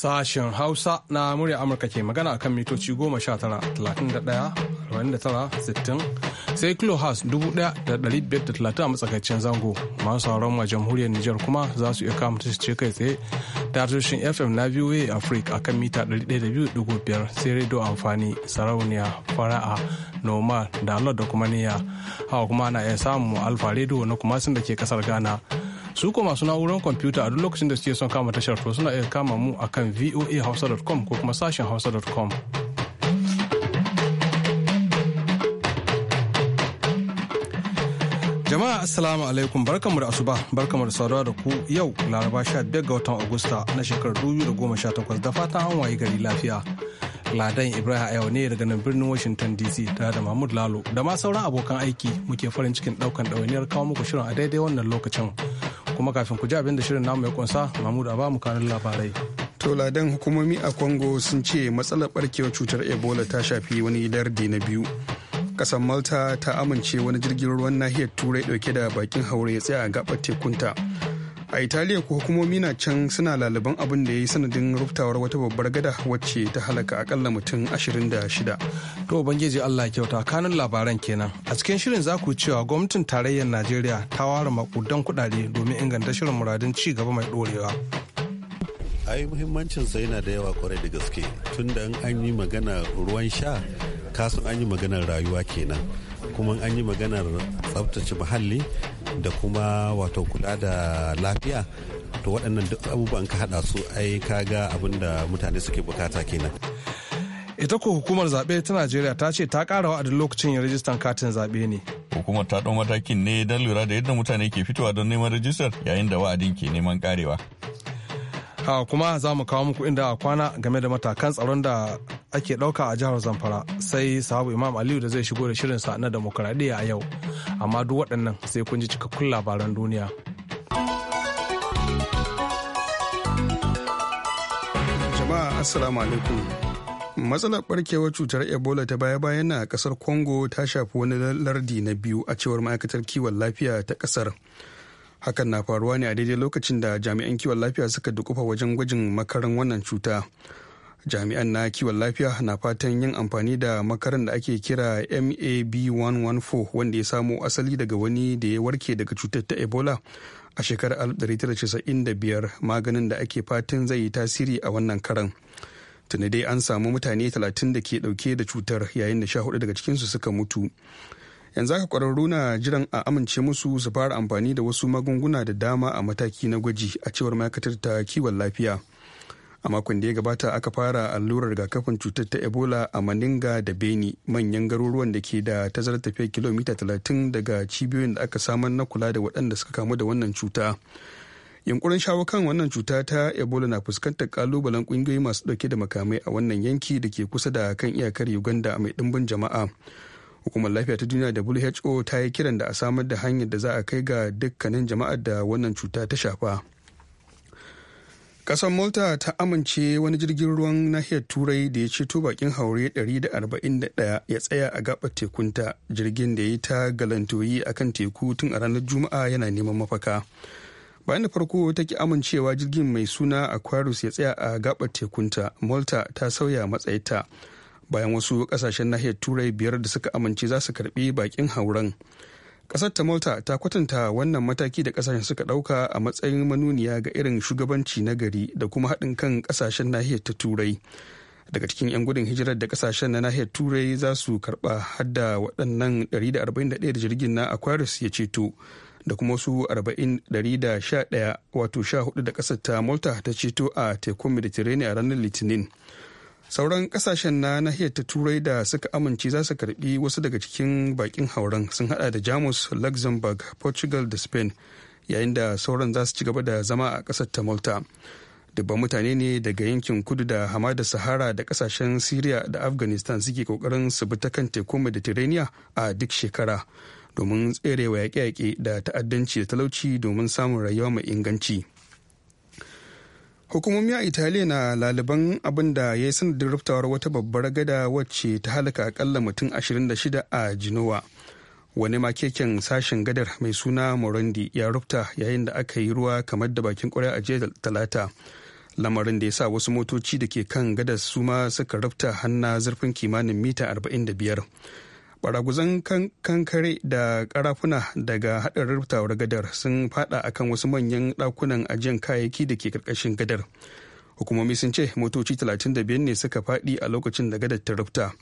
Sashen Hausa na murya Amurka ke magana akan mitoci 19 sittin, sai kilohas 1,530 a matsakaicin zango masu sauran ma jamhuriyar Nijar kuma za su iya kama ce kai tsaye ta tushen FM na VOA Africa akan mita 102.5 sai rediyo amfani sarauniya fara'a noma da da kuma niyya hawa kuma ana iya samun alfa rediyo na kuma sun da ke kasar Ghana. su ko masu na'urar kwamfuta a duk lokacin da suke son kama tashar to suna iya kama mu a kan voahausa.com ko kuma sashen hausa.com. Jama'a Assalamu alaikum barkanmu da asuba barkanmu da saduwa da ku yau Laraba 15 ga watan Agusta na shekarar 2018 da fatan an waye gari lafiya. Ladan Ibrahim Ayaw ne daga nan birnin Washington DC tare da Mahmud Lalo da ma sauran abokan aiki muke farin cikin daukan ɗawainiyar kawo muku shirin a daidai wannan lokacin. kuma kafin ku ji abin da shirin namu ya kunsa mahmud ba mu kanun labarai to ladan hukumomi a congo sun ce matsalar barkewar cutar ebola ta shafi wani lardi na biyu kasan malta ta amince wani jirgin ruwan nahiyar turai dauke da bakin haure ya tsaya a gabar tekunta a italiya ko hukumomi na can suna laliban abin da ya yi sanadin rubtawar wata babbar gada wacce ta halaka akalla mutum 26 to ubangiji allah kyauta kanun labaran kenan a cikin shirin za ku cewa gwamnatin tarayyar najeriya ta ware makudan kudade domin inganta shirin muradun ci gaba mai dorewa ai muhimmancin sa yana da yawa kwarai da gaske tunda an yi magana ruwan sha kasu an yi maganar rayuwa kenan kuma an yi maganar tsabtace muhalli da kuma wato kula da lafiya to waɗannan duk abubuwan ka haɗa su ai ka ga abin da mutane suke bukata kenan ita ko hukumar zaɓe ta najeriya ta ce ta ƙara wa'adin lokacin yin rajistan katin zaɓe ne hukumar ta ɗau matakin ne don lura da yadda mutane ke fitowa don neman rajistar yayin da wa'adin ke neman karewa ha kuma za mu kawo muku inda a kwana game da matakan tsaron da ake ɗauka a jihar zamfara sai sahabu imam aliyu da zai shigo da shirinsa na demokuraɗiyya a yau amma duk waɗannan sai kun ji cikakkun labaran duniya jama'a assalamu alaikum matsalar barkewar cutar ebola ta baya-bayan na kasar congo ta shafi wani lardi na biyu a cewar ma'aikatar kiwon lafiya ta kasar hakan na faruwa ne a daidai lokacin da jami'an kiwon lafiya suka dukufa wajen gwajin makarin wannan cuta jami'an na kiwon lafiya na fatan yin amfani da makaran da ake kira mab114 wanda ya samo asali daga wani da ya warke daga cutar ta ebola a shekarar 1995 maganin da ake fatan zai yi tasiri a wannan karan tuni dai an samu mutane 30 da ke dauke da cutar yayin da 14 daga cikinsu suka mutu yanzu aka kwararru na jiran a amince musu su fara amfani da wasu magunguna da dama a mataki na gwaji a cewar ma'aikatar ta kiwon lafiya a makon da ya gabata aka fara allurar rigakafin cutar ta ebola a maninga da beni manyan garuruwan da ke da tazarar tafiya kilomita 30 daga cibiyoyin da aka samar na kula da waɗanda suka kamu da wannan cuta yunkurin shawo kan wannan cuta ta ebola na fuskantar kalubalen ƙungiyoyi masu ɗauke da makamai a wannan yanki da ke kusa da kan iyakar uganda mai dimbin jama'a hukumar lafiya ta duniya who ta yi kiran da a samar da hanyar da za a kai ga dukkanin jama'ar da wannan cuta ta shafa Kasan Malta ta amince wani jirgin ruwan nahiyar Turai da ya ceto bakin haure 141 ya tsaya a gabar tekunta jirgin da ya ta galantoyi a kan teku tun a ranar Juma'a yana neman mafaka. bayan da farko ta ki amincewa jirgin mai suna aquarius ya tsaya a gabar tekunta malta ta sauya matsayita bayan wasu kasashen nahiyar turai biyar da suka amince za su karbi bakin hauren kasar ta Malta ta kwatanta wannan mataki da kasashen suka dauka a matsayin manuniya ga irin shugabanci na gari da kuma haɗin kan kasashen nahiyar ta Turai. Daga cikin 'yan gudun hijirar da kasashen na nahiyar Turai za su karɓa hadda waɗannan 141 da jirgin na Aquarius ya ceto da kuma wasu 411 wato 14 da kasar ta Malta ta ceto a tekun Mediterranean a ranar Litinin. sauran kasashen na nahiyar ta turai da suka amince za su karbi wasu daga cikin bakin hauren sun hada da jamus luxembourg portugal da spain yayin da sauran za su ci gaba da zama a kasar ta malta dubban mutane ne daga yankin kudu da hamada sahara da kasashen syria da afghanistan suke kokarin su bi ta kan teku mediterranean a duk shekara domin tserewa yaƙe-yaƙe da ta'addanci da talauci domin samun rayuwa mai inganci. hukumomi a italiya na laliban abin da ya yi sanadin ruftawar wata babbar gada wacce ta halaka akalla mutum 26 a jinowa wani keken sashen gadar mai suna morandi ya rufta yayin da aka yi ruwa kamar da bakin kwarya a jiya talata lamarin da ya sa wasu motoci da ke kan gadar suma suka rufta hanna zurfin kimanin mita 45 baraguzan kankare da karafuna daga haɗarin tawar gadar sun fada akan wasu manyan ɗakunan ajiyar kayayyaki da ke karkashin gadar hukumomi sun ce motoci 35 ne suka faɗi a lokacin da gadar ta rufta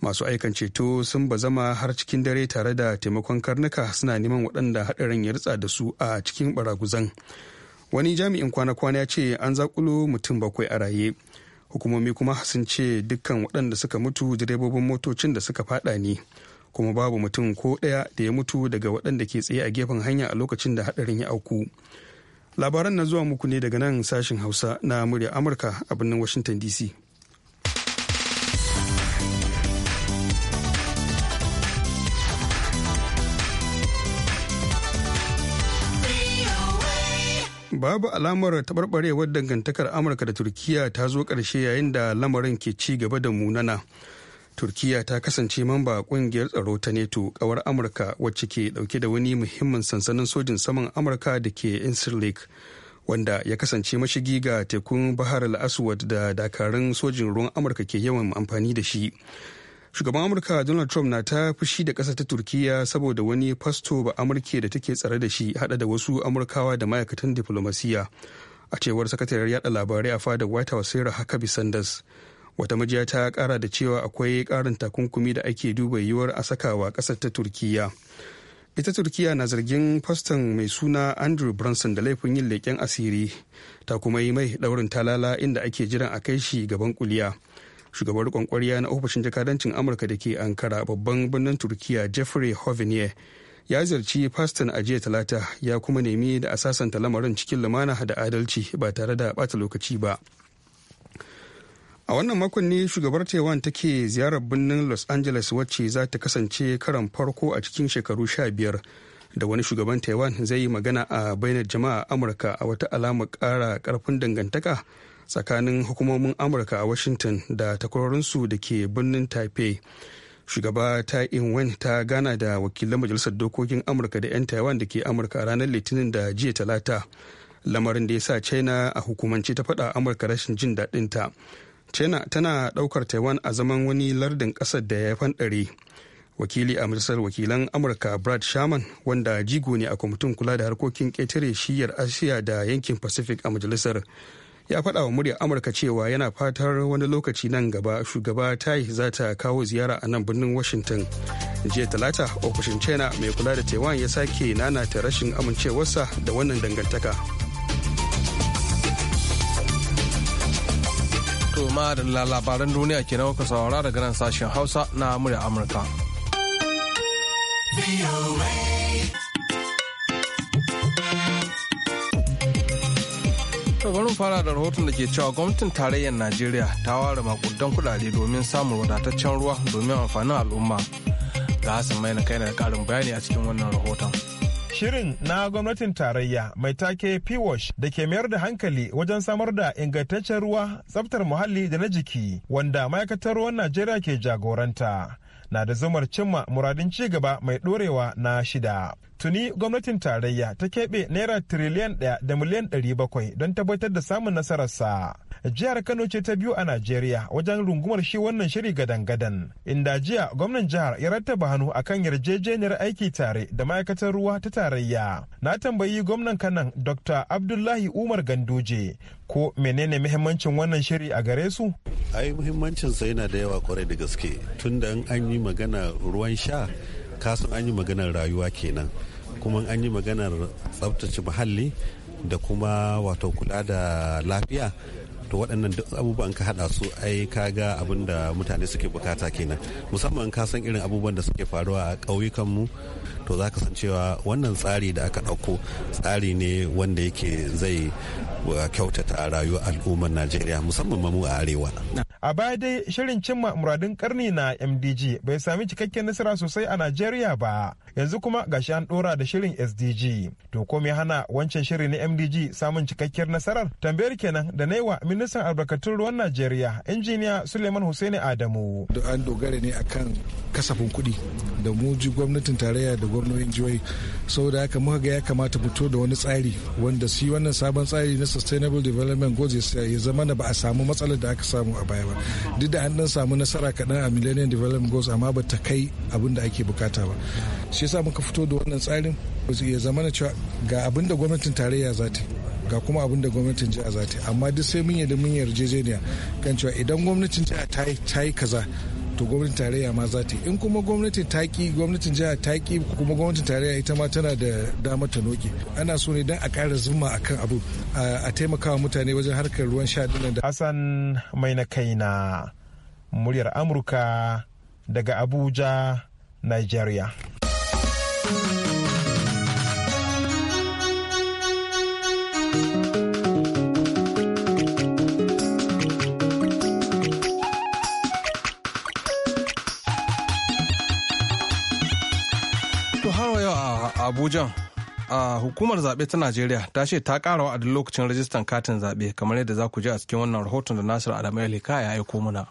masu aikan ceto sun ba zama har cikin dare tare da taimakon karnuka suna neman waɗanda haɗarin ya ritsa da su a cikin baraguzan wani jami'in kwana-kwana ya ce an zakulo mutum bakwai a raye hukumomi kuma sun ce dukkan waɗanda suka mutu direbobin motocin da suka fada ne kuma babu mutum ko ɗaya da ya mutu daga waɗanda ke tsaye a gefen hanya a lokacin da haɗarin ya auku labaran na zuwa muku ne daga nan sashin hausa na murya amurka a birnin washington dc babu alamar taɓarɓarewar dangantakar amurka da turkiya ta zo ƙarshe yayin da lamarin ke ci gaba da munana turkiya ta kasance mamba ƙungiyar tsaro ta neto ƙawar amurka wacce ke ɗauke da wani muhimmin sansanin sojin saman amurka da ke insir wanda ya kasance mashigi ga tekun bahar al-aswad da dakarun sojin ruwan amurka ke yawan amfani da shi shugaban amurka donald trump na ta fushi da kasa ta turkiya saboda wani fasto ba amurke da take tsare da shi hada da wasu amurkawa da ma'aikatan diflomasiya a cewar sakatariyar yada labarai a fadar white house sarah huckabee sanders wata majiya ta kara da cewa akwai karin takunkumi da ake duba yiwuwar a sakawa ƙasar ta turkiya ita turkiya na zargin faston mai suna andrew branson da laifin yin leƙen asiri ta kuma yi mai daurin talala inda ake jiran a kai shi gaban kuliya shugabar kwankwarya na ofishin jakadancin amurka da ke ankara babban birnin turkiya jeffrey hovenier ya ziyarci faston a jiya talata ya kuma nemi da a sasanta lamarin cikin lumana da adalci ba tare da bata lokaci ba a wannan makon ne shugabar taiwan take ziyarar birnin los angeles wacce za ta kasance karan farko a cikin shekaru sha biyar da wani shugaban taiwan zai yi magana a bainar jama'a amurka a wata alamar kara karfin dangantaka tsakanin hukumomin amurka a washington da takwarorinsu da ke birnin taipei shugaba ta wen ta gana da wakilan majalisar dokokin amurka da 'yan taiwan da ke amurka a ranar litinin da jiya talata lamarin da ya sa china a hukumance ta fada amurka rashin jin daɗin china tana ɗaukar taiwan a zaman wani lardin ƙasar da ya fanɗare wakili a majalisar wakilan amurka brad shaman wanda jigo ne a kwamitin kula da harkokin ƙetare shiyar asiya da yankin pacific a majalisar ya faɗa wa muryar amurka cewa yana fatar wani lokaci nan gaba shugaba tai za ta kawo ziyara a nan birnin washington jiya talata ofishin china mai kula da taiwan ya sake nanata rashin amincewarsa da wannan dangantaka to da labaran duniya ke kuka saurara daga nan sashen hausa na murya amurka bari fara da rahoton da ke cewa gwamnatin tarayyar najeriya ta ware makudan kudade domin samun wadataccen ruwa domin amfanin al'umma ga hassan mai na kai da karin bayani a cikin wannan rahoton Shirin na gwamnatin tarayya mai take p da ke mayar da hankali wajen samar da ingantaccen ruwa, tsabtar muhalli da na jiki wanda ma'aikatar ruwan Najeriya ke jagoranta. Na da zumar cimma muradin ci gaba mai ɗorewa na shida. tuni gwamnatin tarayya ta keɓe naira tiriliyan ɗaya da miliyan ɗari bakwai don tabbatar da samun nasararsa jihar kano ce ta biyu a najeriya wajen rungumar shi wannan shiri gadan-gadan inda jiya gwamnan jihar ya rattaba hannu a kan yarjejeniyar aiki tare da ma'aikatar ruwa ta tarayya na tambayi gwamnan kanan dr abdullahi umar ganduje ko menene muhimmancin wannan shiri a gare su ai sa yana da yawa kwarai da gaske tunda an yi magana ruwan sha kasan an yi maganar rayuwa kenan kuma an yi maganar tsabtace muhalli da kuma wato kula da lafiya to waɗannan duk abubuwan ka haɗa su ai kaga abin da mutane suke bukata kenan musamman ka san irin abubuwan da suke faruwa a ƙauyukanmu to za ka san cewa wannan tsari da aka ɗauko tsari ne wanda yake zai kyautata rayuwar al'ummar najeriya musamman mu a arewa a baya dai shirin cimma muradun karni na mdg bai sami cikakken nasara sosai a najeriya ba yanzu kuma gashi an dora da shirin sdg to ko me hana wancan shirin na mdg samun cikakkiyar nasarar tambayar kenan da naiwa ministan albarkatun ruwan najeriya injiniya suleiman hussein adamu da an dogara ne akan kasafin kuɗi da muji gwamnatin tarayya da gwamnatin jihohi saboda haka muka ga ya kamata fito da wani tsari wanda shi wannan sabon tsari na sustainable development goals ya zama na ba a samu matsalar da aka samu a baya ba duk da an dan samu nasara kaɗan a millennium development goals amma ba ta kai abin da ake bukata ba shi yasa muka fito da wannan tsarin ya zama na cewa ga abin da gwamnatin tarayya za ta ga kuma abin da gwamnatin jiha za ta amma duk sai mun yarda mun yarjejeniya kan cewa idan gwamnatin jiha ta yi kaza to gwamnatin tarayya ma za ta in kuma gwamnatin ta ki gwamnatin jiha ta ki kuma gwamnatin tarayya ita ma tana da dama ta noke ana so ne dan a ƙara zuma akan abu a taimakawa mutane wajen harkar ruwan sha da Hassan mai na kaina muryar Amurka daga Abuja Nigeria Abuja a hukumar zaɓe ta Najeriya ta ce ta ƙara wa'adin lokacin rajistan katin zaɓe kamar yadda za ku ji a cikin wannan rahoton da Nasiru Adamu ya ya aiko mana.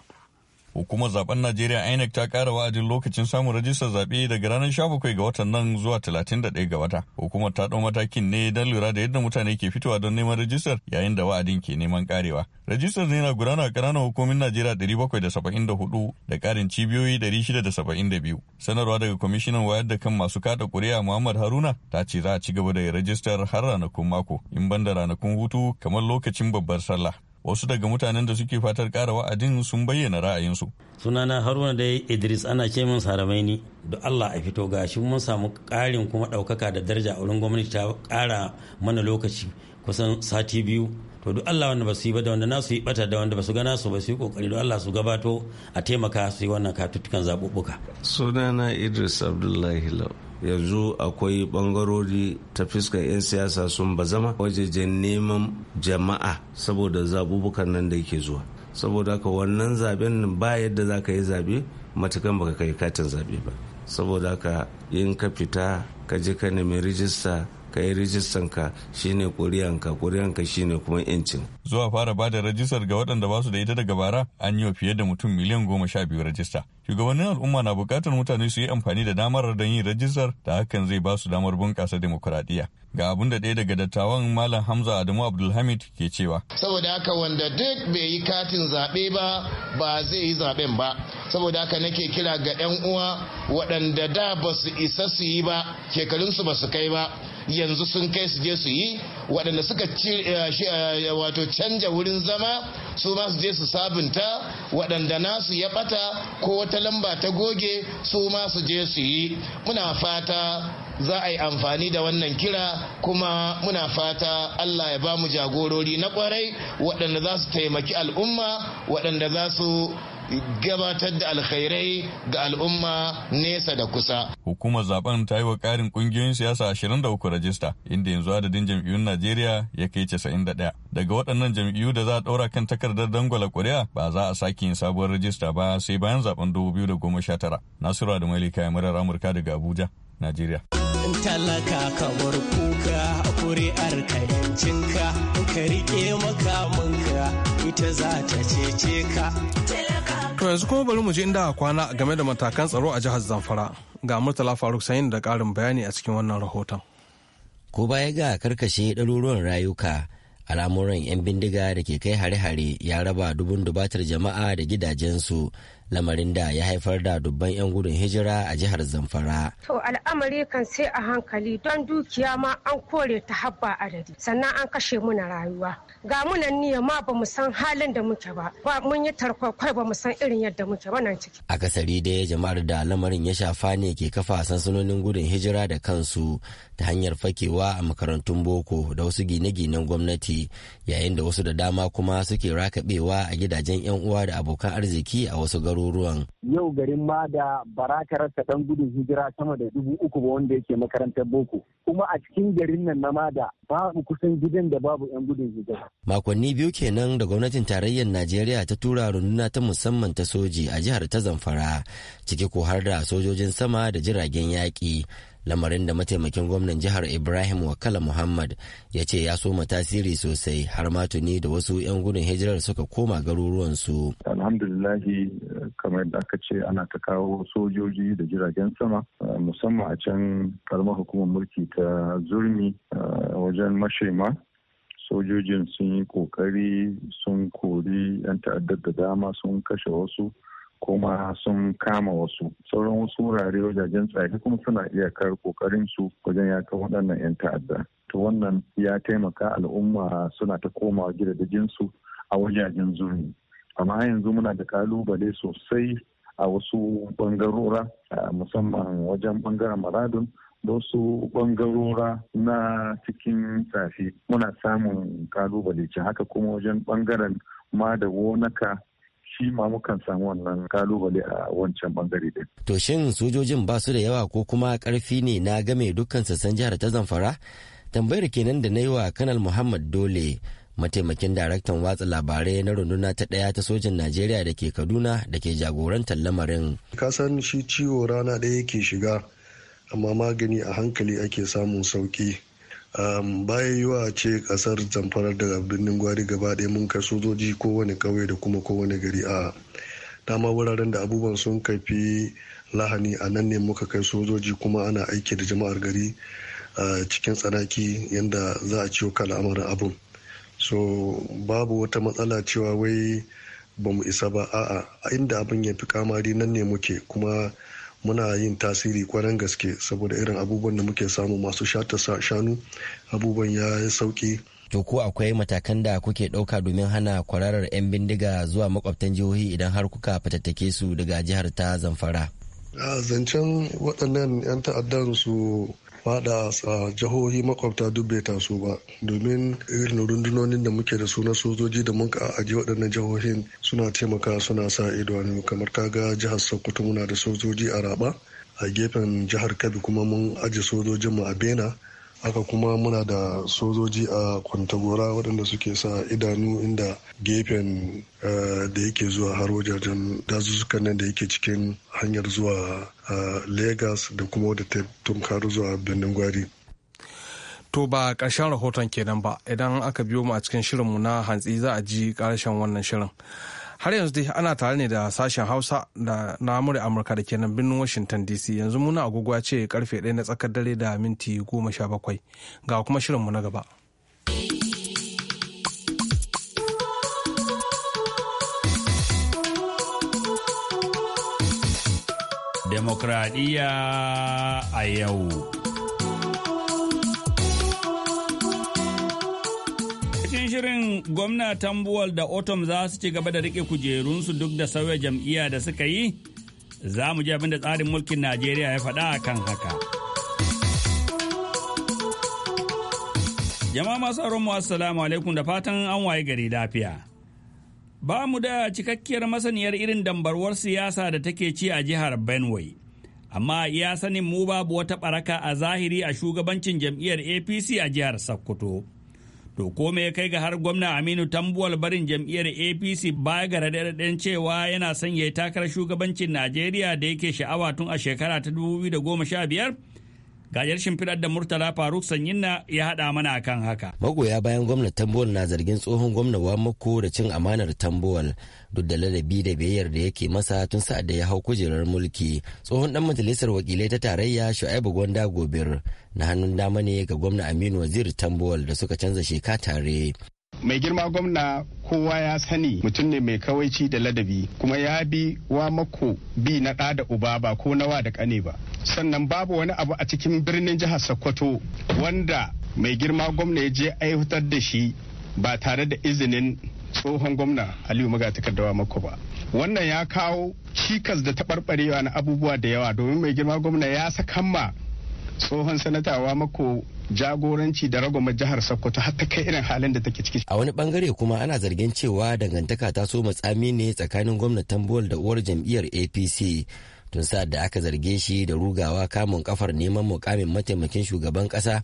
Hukumar zaben Najeriya INEC ta kara wa'adin lokacin samun rajistar zaɓe daga ranar 17 ga watan nan zuwa 31 ga wata. Hukumar ta ɗau matakin ne don lura da yadda mutane ke fitowa don neman rajistar yayin da wa'adin ke neman karewa Rajistar ne na gudana a ƙananan hukumin Najeriya 774 da ƙarin cibiyoyi 672. Sanarwa daga kwamishinan wayar da kan masu kada ƙuri'a Muhammad Haruna ta ce za a ci gaba da rajistar har ranakun mako in banda ranakun hutu kamar lokacin babbar sallah. wasu daga mutanen da suke fatar kara wa'adin sun bayyana ra'ayinsu. sunana haruna dai idris ana ce min saramaini da allah a fito ga shi mun samu karin kuma daukaka da daraja a wurin gwamnati ta kara mana lokaci kusan sati biyu to duk allah wanda ba su yi ba da wanda nasu yi bata da wanda ba su gana su ba su yi kokari duk allah su gabato a taimaka su yi wannan katuttukan zaɓuɓɓuka sunana idris abdullahi lau yanzu akwai bangarori ta fuskar 'yan siyasa sun bazama wajejen neman jama'a saboda zabubukan nan da yake zuwa saboda haka wannan zaben ba yadda za ka yi zabe matukan baka kai katin zabe ba saboda haka in ka fita ka je ka nemi rijista ka yi rijistan ka shine kuriyanka kuriyanka shine kuma yancin. zuwa fara ba da rajistar ga waɗanda ba su da ita daga bara an yi wa fiye da mutum miliyan goma sha biyu rajista shugabannin al'umma na buƙatar mutane su yi amfani da damar don yin rajistar da hakan zai ba su damar bunƙasa demokuraɗiyya ga abin da ɗaya daga dattawan malam hamza adamu abdulhamid ke cewa saboda haka wanda duk bai yi katin zaɓe ba ba zai yi zaɓen ba saboda haka nake kira ga 'yan uwa waɗanda da ba su isa su yi ba shekarunsu ba su kai ba yanzu sun kai su je su yi waɗanda suka eh, eh, wato canja wurin zama su ma su je su sabunta waɗanda nasu ya ɓata ko wata wata lamba ta goge su ma su je su yi muna fata za a yi amfani da wannan kira kuma muna fata Allah ya ba mu jagorori na kwarai waɗanda za su taimaki al'umma waɗanda za su gabatar da alkhairai ga al'umma nesa da kusa. Hukumar zaben ta yi wa ƙarin ƙungiyoyin siyasa 23 rajista inda yanzu adadin jam'iyyun Najeriya ya kai 91. Daga waɗannan jam'iyyu da za a ɗaura kan takardar dangwala ƙuri'a ba za a sake yin sabuwar rajista ba sai bayan zaben 2019. Nasiru Adamali kayan murar Amurka daga Abuja, Najeriya. Talaka kamar kuka kuri'ar kayancinka ka riƙe makamanka ita za ta cece ka. To yanzu kuma bari mu je inda kwana game da matakan tsaro a jihar Zamfara. Ga Murtala Faruk Sayin da ƙarin bayani a cikin wannan rahoton. Ko baya ga karkashe ɗaruruwan rayuka, al'amuran 'yan bindiga da ke kai hare-hare ya raba dubun dubatar jama'a da gidajensu lamarin da ya haifar da dubban 'yan gudun hijira a jihar zamfara. To al'amari kan sai a hankali don dukiya ma an kore ta habba adadi sannan an kashe muna rayuwa. Ga munan niyya ma ba san halin da muke ba ba mun yi tarkwakwai ba san irin yadda muke ba nan ciki. Akasari dai jama'ar da lamarin ya shafa ne ke kafa sansanonin gudun hijira da kansu ta hanyar fakewa a makarantun boko da wasu gine-ginen gwamnati yayin da wasu da dama kuma suke rakabewa a gidajen 'yan uwa da abokan arziki a wasu garuruwa. garuruwan. Yau garin Mada da baraka rasa ɗan gudun hijira sama da dubu uku ba wanda yake makarantar boko. Kuma a cikin garin nan na mada babu kusan gidan da babu 'yan gudun hijira. Makonni biyu kenan da gwamnatin tarayyar Najeriya ta tura runduna ta musamman ta soji a jihar ta Zamfara, ciki ko har da sojojin sama da jiragen yaƙi. lamarin da mataimakin gwamnan jihar ibrahim wakala muhammad ya ce ya soma tasiri sosai har ma tuni da wasu 'yan gudun hijirar suka koma garuruwansu alhamdulillahi kamar da aka ce ana ta kawo sojoji da jiragen sama uh, musamman a can karamar hukumar mulki ta zurmi uh, wajen mashema sojojin sun yi kokari sun kori 'yan ta'addar da dama sun kashe wasu kuma sun kama wasu sauran wasu wurare wajajen tsari kuma suna iya kar kokarin su wajen yakan waɗannan 'yan ta'adda to wannan ya taimaka al'umma suna ta koma komawa jinsu a wajajen zurni amma yanzu muna da kalubale sosai a wasu bangarora musamman wajen bangaren maradun da wasu bangarora na cikin safi muna samun kalubale ce haka kuma wajen bangaren ma da wonaka shi ma mukan samu wannan kalubale a wancan bangare din. To shin sojojin ba su da yawa ko kuma karfi ne na game dukkan sassan jihar ta Zamfara? Tambayar kenan da na yi wa Kanal Muhammad Dole mataimakin daraktan watsa labarai na runduna ta ɗaya ta sojin najeriya da ke kaduna da ke jagorantar lamarin kasan shi ciwo rana ɗaya yake shiga amma magani a hankali ake samun sauki Um, bayan wa ce kasar zamfarar daga birnin gwari gaba ɗaya mun kai sojoji kowane ƙauye da kuma kowane gari a dama wuraren da abubuwan sun kafi lahani a nan ne muka kai sojoji kuma ana aiki da jama'ar gari a cikin tsanaki yadda za a ciwo kan al'amarin abun so babu wata matsala cewa wai ba mu isa ba a'a inda abin ya fi kamari nan ne muke kuma muna yin tasiri kwaran gaske saboda irin abubuwan da muke samu masu shata shanu abubuwan ya sauki to ko akwai matakan da kuke ɗauka domin hana kwararar 'yan bindiga zuwa makwabtan jihohi idan har kuka fatattake su daga jihar ta zamfara zancen waɗannan 'yan ta'addan su fada a jihohi makwabta duk bai taso ba domin irin rundunonin da muke da su na sojoji da muka ajiye waɗannan jihohin suna taimaka suna sa ido ne kamar ga jihar sokoto muna da sojoji a raba a gefen jihar kabi kuma mun aji sojojinmu a bena haka kuma muna da sojoji a kwantagora waɗanda suke sa idanu inda gefen eh, da yake zuwa har wajajen dazuzzukan nan da yake cikin hanyar zuwa eh, lagos da kuma wadda ta tunkar zuwa birnin gwari to ba ƙarshen rahoton kenan ba idan aka biyo mu a cikin shirinmu na hantsi za a ji ƙarshen wannan shirin har yanzu dai ana tare ne da sashen hausa da na murya amurka da kenan birnin washington dc yanzu muna agogo ce karfe 1 na tsakar dare da minti goma sha bakwai, ga kuma shirin mu na gaba demokradiyya a yau shirin gwamna tambuwal da otom za su ci gaba da rike kujerunsu duk da sauya jam'iyya da suka yi za mu ji abin da tsarin mulkin najeriya ya faɗa a kan haka jama'a masu auren mu assalamu alaikum da fatan an waye gari lafiya ba mu da cikakkiyar masaniyar irin dambarwar siyasa da take ci a jihar benue amma iya sanin mu babu wata baraka a zahiri a shugabancin jam'iyyar apc a jihar sokoto To ko ya kai ga har gwamna Aminu Tambuwal barin jam'iyyar APC baya ga raɗaɗɗen cewa yana son ya takarar shugabancin Najeriya da yake sha'awa tun a shekara ta 2015? gajiyar shimfidar da murtala faruk sanyinna ya haɗa mana kan haka magoya bayan gwamnan tambowal na zargin tsohon gwamna mako da cin amanar tambowal duk da ladabi da biyayyar da yake masa tun sa'ad da ya hau kujerar mulki tsohon dan majalisar wakilai ta tarayya shu'aibu gwanda gobir na hannun dama ne ga gwamna aminu wazir tambowal da suka canza sheka tare mai girma gwamna kowa ya sani mutum ne mai kawaici da ladabi kuma ya bi wa mako bi na ɗa da uba ba ko nawa da ƙane ba sannan babu wani abu a cikin birnin jihar sokoto wanda mai girma gwamna ya je aihutar da shi ba tare da izinin tsohon gwamna aliyu wa mako ba wannan ya kawo cikas da taɓarɓarewa na abubuwa da yawa domin mai girma gwamna ya sakamma tsohon sanatawa mako jagoranci da ragoma jihar sokoto har ta kai irin halin da take ciki a wani bangare kuma ana zargin cewa dangantaka ta so matsami ne tsakanin gwamnatin bol da uwar jam'iyyar apc tun sa da aka zarge shi da rugawa kamun kafar neman mukamin mataimakin shugaban kasa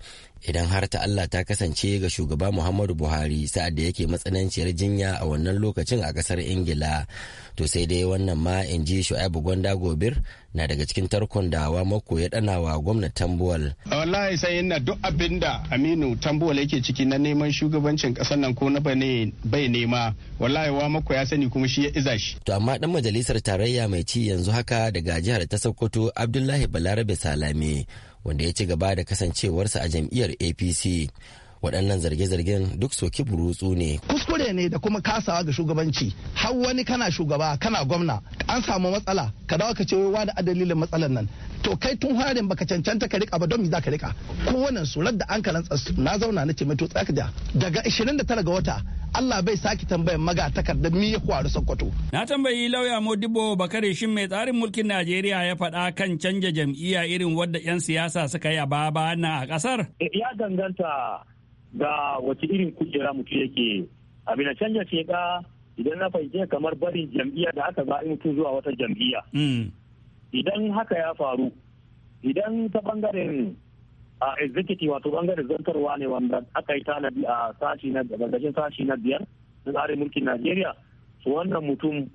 idan har ta Allah ta kasance ga shugaba Muhammadu Buhari sa'ad da yake matsananciyar jinya a wannan lokacin a kasar Ingila. To sai dai wannan ma in ji Shu'aibu Gwanda Gobir na daga cikin tarkon da wa mako ya dana wa gwamnati Tambuwal. Wallahi sai ina duk abin da Aminu Tambuwal yake ciki na neman shugabancin kasar nan ko na bane bai nema. Wallahi wa mako ya sani kuma shi ya iza shi. To amma dan majalisar tarayya mai ci yanzu haka daga jihar ta Sokoto Abdullahi Balarabe Salame wanda ya ci gaba da kasancewarsa a jam'iyyar apc waɗannan zarge-zargen duk soki burutsu ne kuskure ne da kuma kasawa ga shugabanci har wani kana shugaba kana gwamna an samu matsala ka dawo ka ce wa da adalilin matsalar nan to kai tun harin baka cancanta ka rika ba don me za ka rika kowannen surar da an karanta na zauna na ce mai to da daga 29 ga wata Allah bai sake tambayan maga takardar mi ya kwaru Sokoto. Na tambayi lauya Modibo Bakare shin mai tsarin mulkin Najeriya ya faɗa kan canja jam'iyya irin wadda 'yan siyasa suka yi a baba na a kasar. Ya danganta ga wace irin kujera mutu yake abin canja sheka idan na fahimce kamar barin jam'iyya da aka zaɓi mutu zuwa wata jam'iyya hmm. idan haka ya faru idan ta bangaren a executive wato bangaren zantarwa ne wanda aka yi tanadi a sashi na gargashin sashi na biyar na tsarin mulkin najeriya su wannan mutum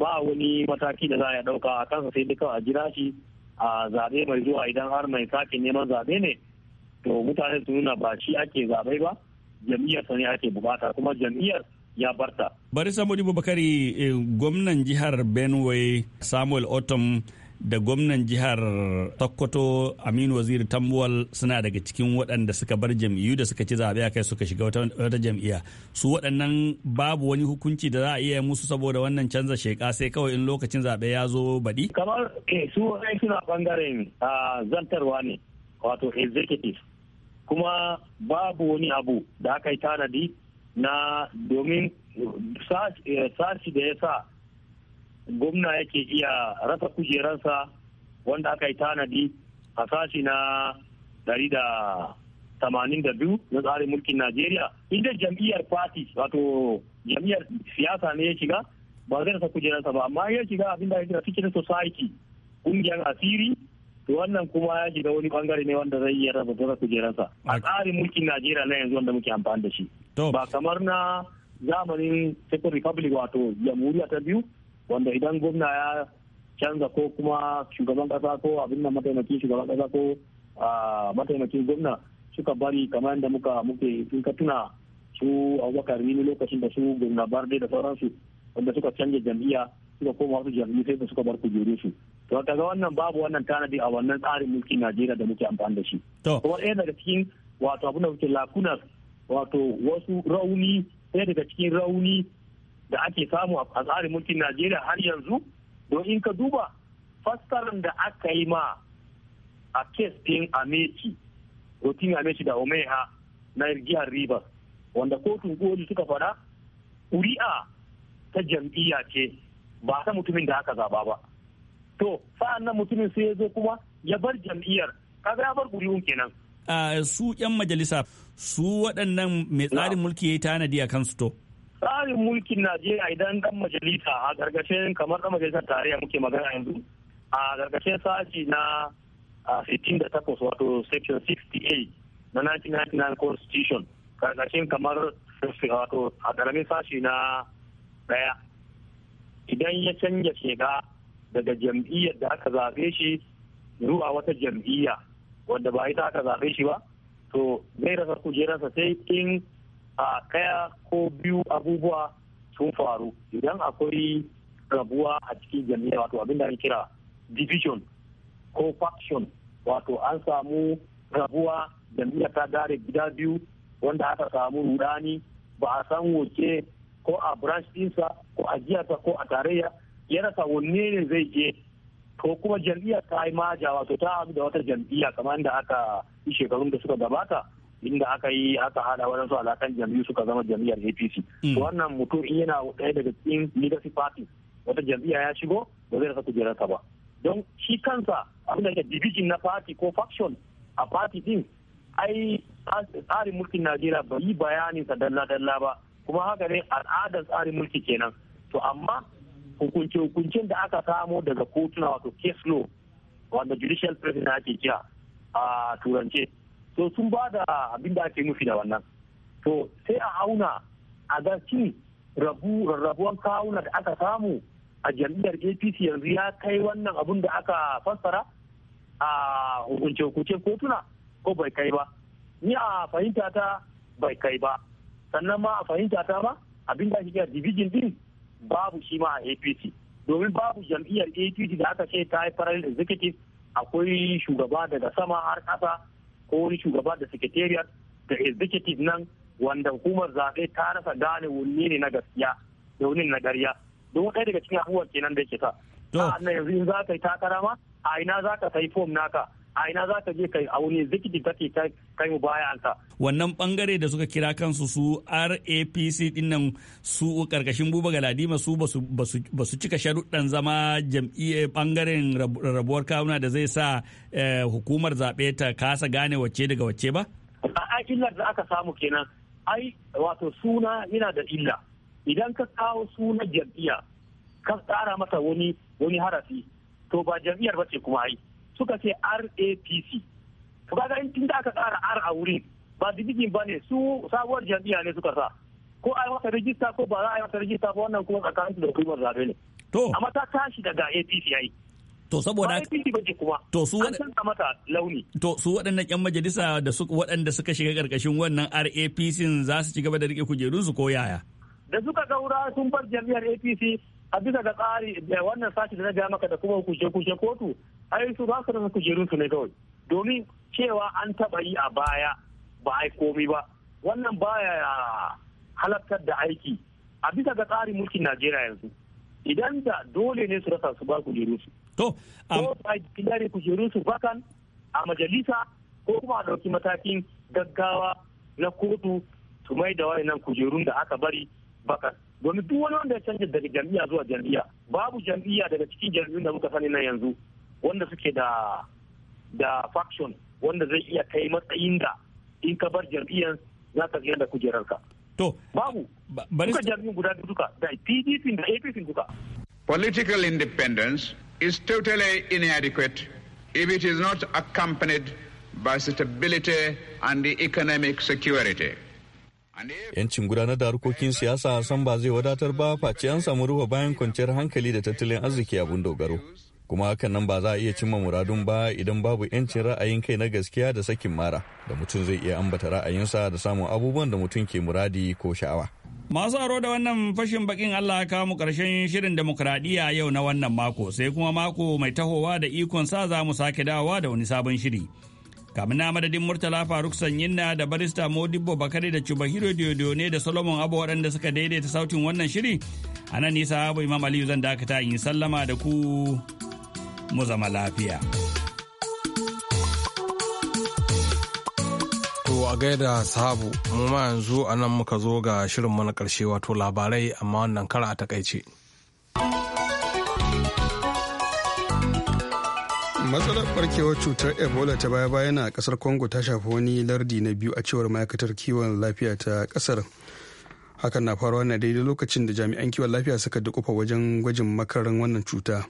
ba wani mataki da za a ɗauka a kansa sai duka a jira shi a zaɓe mai zuwa idan har mai sake neman zaɓe ne to mutane su nuna ba shi ake zaɓe ba jam'iyyar ne ake bukata kuma jam'iyyar ya barta. Bari Samudi Bubakari eh, gwamnan jihar Benue Samuel Otom da gwamnan jihar Sokoto Aminu Wazir Tambuwal suna daga cikin waɗanda suka bar jam'iyyu da suka ci zaɓe a kai suka shiga wata jam'iyya. Su waɗannan babu wani hukunci da za a iya musu saboda wannan canza sheka sai kawai in lokacin zaɓe ya zo baɗi? Kamar eh, su suna bangaren ah, zantarwa ne wato executive kuma babu wani abu da aka yi tanadi na domin eh, sashi da ya sa gwamna yake iya rasa kujeransa wanda aka yi tanadi a sashi na dari da da tamanin biyu na tsarin mulkin Najeriya. Inda jam'iyyar party wato jam'iyyar siyasa ne ya shiga ba zai rasa kujeransa ba amma ya shiga abin da ya cikin society kungiyar asiri wannan kuma ya shiga wani bangare ne wanda zai iya rasa tara kujeransa a tsarin mulkin najeriya na yanzu wanda muke amfani da shi ba kamar na zamanin second republic wato jamhuriya ta biyu wanda idan gwamna ya canza ko kuma shugaban kasa ko abin da mataimakin shugaban kasa ko mataimakin gwamna suka bari kamar yadda muka muke in ka tuna su abubakar ni lokacin da su gwamna barde da sauransu wanda suka canza jam'iyya suka koma wasu jam'iyyu sai da suka bar kujeru su to kaga wannan babu wannan tanadi a wannan tsarin mulkin Najeriya da muke amfani da shi kuma ɗaya daga cikin wato abin da muke lakuna wato wasu rauni ɗaya daga cikin rauni da ake samu a tsarin mulkin Najeriya har yanzu don in ka duba fassarar da aka yi ma a kes ɗin Ameci rotin Ameti da Omeha na jihar Rivers wanda kotun koli suka fara ƙuri'a ta jam'iyya ce ba ta mutumin da aka zaba ba. to sa'an nan mutumin sai ya zo kuma ya bar jam'iyyar kaga ya bar guri'un kenan a su yan majalisa su waɗannan mai tsarin mulki ya yi tanadi a kansu to tsarin mulkin najeriya idan dan majalisa a gargashin kamar dan majalisar tarayya muke magana yanzu a gargashin sashi na 68 wato section 68 na 1999 constitution gargashin kamar wato a ƙaramin sashi na ɗaya idan ya canja shiga daga jam'iyyar da aka zaɓe shi zuwa wata jam'iyya wanda ba ita aka zaɓe shi ba to zai rasa kujerarsa sai in a kaya ko biyu abubuwa sun faru idan akwai rabuwa a cikin jam'iyya wato abin da kira division ko faction wato an samu rabuwa jam'iyyar ta dare gida biyu wanda aka samu rudani ba a san wace ko a branch dinsa ko a jiyarsa ko a tarayya ya rasa wanne ne zai je ko kuma jam'iyyar ta yi maja wato ta abu da wata jam'iyya kamar da aka yi shekarun da suka gabata inda aka yi aka hada su alakan jam'iyyu suka zama jam'iyyar apc mm. wannan mutum in yana ɗaya daga cikin legacy party wata jam'iyya ya shigo ba zai rasa kujerarsa ba don shi kansa abin da yake division na party ko faction a party din ai tsarin mulkin najeriya bai yi bayanin sa dalla dalla ba kuma haka ne al'adar tsarin mulki kenan to amma hukunce-hukuncen da aka samo daga kotuna wato case law wanda judicial president ake kira a turance to sun ba da abin da ake nufi da wannan to sai a auna a ga shi rarrabuwan kawuna da aka samu a jam'iyyar apc yanzu ya kai wannan abin da aka fassara a hukunce-hukuncen kotuna ko bai kai ba ni a fahimta ta bai kai ba sannan ma a fahimta ta ma abin da ake kira division din babu shi ma a apc domin babu jam'iyyar apc da aka ce ta yi farar executive akwai shugaba daga sama har kasa ko wani shugaba da secretariat da executive nan wanda hukumar zaɓe ta rasa gane wani ne na gaskiya da wani na ƙarya don ɗaya daga cikin abubuwan kenan da yake sa yanzu in za ka yi takara ma a ina za ka sai fom naka a ina za ka je kai a wuni zikiti ke kai mu baya anka wannan bangare da suka kira kansu su RAPC din nan su karkashin Buba Galadima su ba su cika sharuɗan zama jam'iyyar bangaren rabuwar kawuna da zai sa eh, hukumar zaɓe ta kasa gane wacce daga wacce ba a illar da aka samu kenan ai wato suna yana da illa idan ka kawo sunan jam'iyya ka tsara masa wani wani harafi to ba jam'iyyar ba ce kuma ai suka ce rapc to ga in tun da aka tsara r a wuri ba dibigin ba ne su sabuwar jam'iyya ne suka sa ko a yi masa rijista ko ba za a yi masa rijista ba wannan kuma tsakanin da kuma zabe ne to amma ta tashi daga apc yayi to saboda kuma to su mata launi to su waɗannan ƴan majalisa da su waɗanda suka shiga karkashin wannan RAPC za su ci gaba da rike kujerunsu su ko yaya da suka gaura sun bar jami'ar APC a bisa ga tsari da wannan sashi da na ga maka da kuma kushe kushe kotu ai su za su rasa kujerun su ne kawai domin cewa an taba yi a baya ba ai komi ba wannan baya halartar da aiki a bisa ga tsarin mulkin Najeriya yanzu idan da dole ne su rasa su ba kujerun su to ko ba kujerun su bakan a majalisa ko kuma a ɗauki matakin gaggawa na kotu su mai da wayannan kujerun da aka bari bakan domin duk wani wanda ya canja daga jam'iyya zuwa jam'iyya babu jam'iyya daga cikin jam'iyyun da muka sani na yanzu wanda suke da da faction wanda zai iya kai matsayin da in ka bar jam'iyyar za ka da ka. To, babu, kuka jam'iyyar guda duka, da PDP da APC duka. Political independence is totally inadequate if it is not accompanied by stability and economic security. Yancin gudanar da harkokin siyasa san ba zai wadatar ba face an samu ruwa bayan kwanciyar hankali da tattalin arziki abun dogaro. kuma hakan nan ba za a iya cimma muradun ba idan babu yancin ra'ayin kai na gaskiya da sakin mara da mutum zai iya ambata ra'ayinsa da samun abubuwan da mutum ke muradi ko sha'awa. Masu aro da wannan fashin bakin Allah ka mu karshen shirin demokradiyya yau na wannan mako sai kuma mako mai tahowa da ikon sa za mu sake dawowa da wani sabon shiri. Kamin na madadin Murtala Faruk Sanyinna da barista Modibbo Bakare da Chubahiro Diodio ne da Solomon Abu waɗanda suka daidaita sautin wannan shiri. A nan nisa Abu Imam Aliyu zan dakata in sallama da ku mu zama lafiya. To a gaida sahabu mu ma yanzu a nan muka zo ga shirinmu na ƙarshe wato labarai amma wannan kara a takaice. matsalar barkewar cutar ebola ta baya bayan a kasar congo ta shafi wani lardi na biyu a cewar ma'aikatar kiwon lafiya ta kasar hakan na faruwa na daidai lokacin da jami'an kiwon lafiya suka dukufa wajen gwajin makarin wannan cuta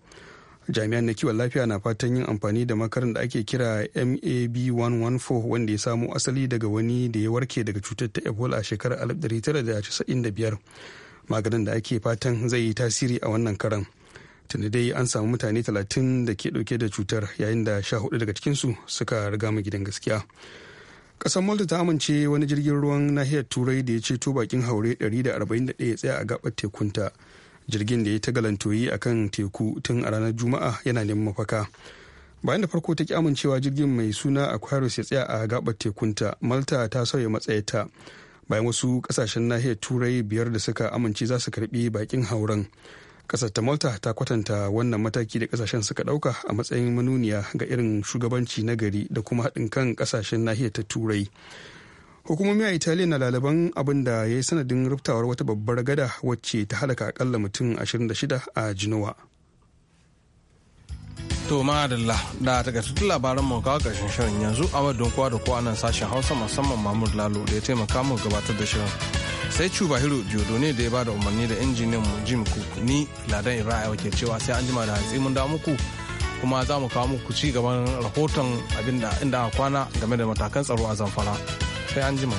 jami'an na kiwon lafiya na fatan yin amfani da makarin da ake kira mab114 wanda ya samo asali daga wani da ya warke daga cutar ta ebola a shekarar 1995 maganin da ake fatan zai yi tasiri a wannan karan tunda dai an samu mutane 30 da ke dauke da cutar yayin da sha hudu daga cikinsu suka riga mu gidan gaskiya kasar malta ta amince wani jirgin ruwan nahiyar turai da ya ceto bakin haure 141 ya tsaya a gabar tekunta jirgin da ya ta galantoyi a kan teku tun a ranar juma'a yana neman mafaka bayan da farko ta ki amincewa jirgin mai suna aquarius ya tsaya a gabar tekunta malta ta sauya matsayata bayan wasu kasashen nahiyar turai biyar da suka amince za su karbi bakin hauren kasar ta malta ta kwatanta wannan mataki da kasashen suka dauka a matsayin manuniya ga irin shugabanci na gari da kuma haɗin kan kasashen nahiyar ta turai hukumomi a italiya na laliban abin da ya yi sanadin ruftawar wata babbar gada wacce ta halaka akalla mutum 26 a jinowa to madalla da tutu labaran mu kawo karshen shirin yanzu a wadon kowa da kowa nan sashen hausa musamman mamur lalo da ya taimaka mu gabatar da shirin sai cuba hiro jodo ne da ya bada umarni da injiniyan mu jim cook ni ladan ibrahim wake cewa sai an jima da hatsi mun da muku kuma za mu kawo muku ci gaban rahoton abinda inda kwana game da matakan tsaro a zamfara 对，安吉吗？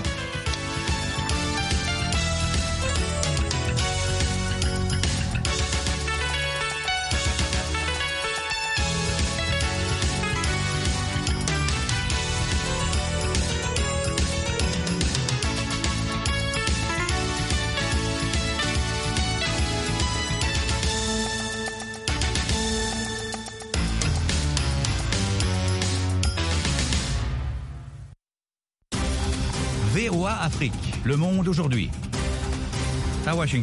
Le Monde aujourd'hui. À Washington.